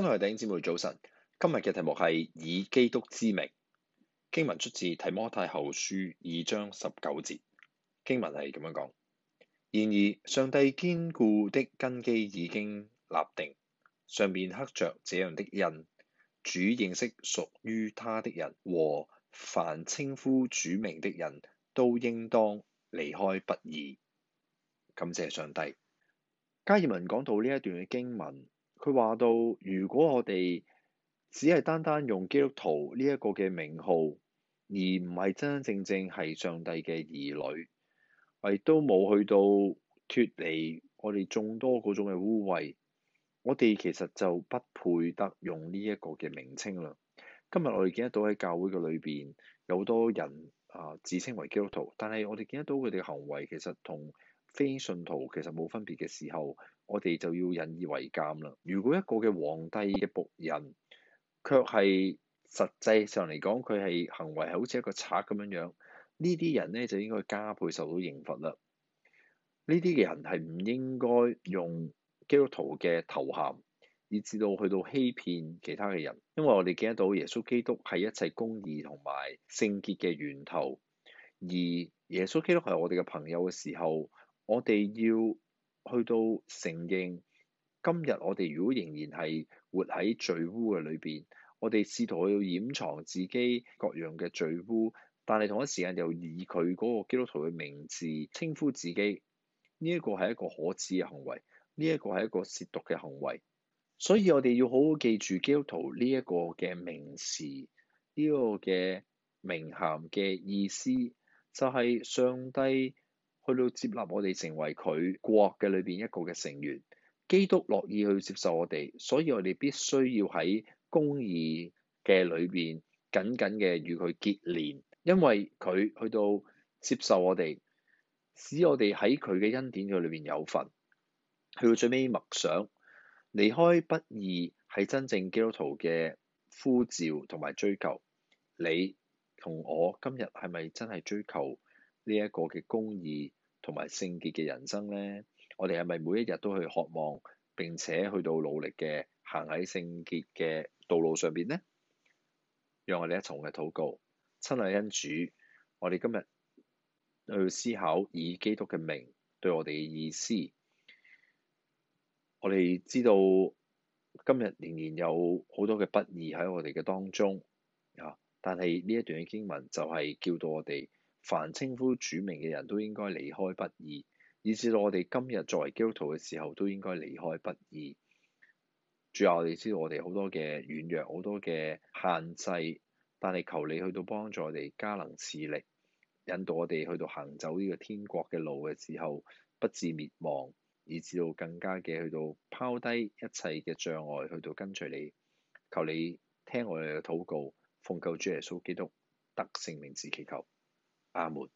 親愛的弟兄姊妹早晨，今日嘅題目係以基督之名。經文出自提摩太後書二章十九節。經文係咁樣講：然而上帝堅固的根基已經立定，上面刻着這樣的印。主認識屬於他的人，和凡稱呼主名的人都應當離開不義。感謝上帝。加爾文講到呢一段嘅經文。佢話到，如果我哋只係單單用基督徒呢一個嘅名號，而唔係真真正正係上帝嘅兒女，亦都冇去到脫離我哋眾多嗰種嘅污穢，我哋其實就不配得用呢一個嘅名稱啦。今日我哋見得到喺教會嘅裏邊有好多人啊，自稱為基督徒，但係我哋見得到佢哋嘅行為其實同非信徒其實冇分別嘅時候，我哋就要引以為鑑啦。如果一個嘅皇帝嘅僕人，卻係實際上嚟講佢係行為係好似一個賊咁樣樣，呢啲人咧就應該加倍受到刑罰啦。呢啲嘅人係唔應該用基督徒嘅頭銜，以至到去到欺騙其他嘅人，因為我哋見得到耶穌基督係一切公義同埋聖潔嘅源頭，而耶穌基督係我哋嘅朋友嘅時候。我哋要去到承認，今日我哋如果仍然係活喺罪污嘅裏邊，我哋試圖去掩藏自己各樣嘅罪污，但係同一時間又以佢嗰個基督徒嘅名字稱呼自己，呢一個係一個可恥嘅行為，呢一個係一個褻瀆嘅行為，所以我哋要好好記住基督徒呢一個嘅名詞，呢個嘅名銜嘅意思就係、是、上帝。去到接納我哋成為佢國嘅裏邊一個嘅成員，基督樂意去接受我哋，所以我哋必須要喺公義嘅裏邊緊緊嘅與佢結連，因為佢去到接受我哋，使我哋喺佢嘅恩典嘅裏邊有份。去到最尾默想，離開不義係真正基督徒嘅呼召同埋追求。你同我今日係咪真係追求呢一個嘅公義？同埋聖潔嘅人生咧，我哋係咪每一日都去渴望並且去到努力嘅行喺聖潔嘅道路上邊呢？讓我哋一重嘅禱告，親愛恩主，我哋今日去思考以基督嘅名對我哋嘅意思。我哋知道今日仍然有好多嘅不義喺我哋嘅當中啊，但係呢一段嘅經文就係叫到我哋。凡稱呼主名嘅人都應該離開不義，以至到我哋今日作為基督徒嘅時候都應該離開不義。主啊，我哋知道我哋好多嘅軟弱，好多嘅限制，但係求你去到幫助我哋加能賜力，引導我哋去到行走呢個天國嘅路嘅時候，不致滅亡，以至到更加嘅去到拋低一切嘅障礙，去到跟隨你。求你聽我哋嘅禱告，奉救主耶穌基督得聖名字祈求。阿門。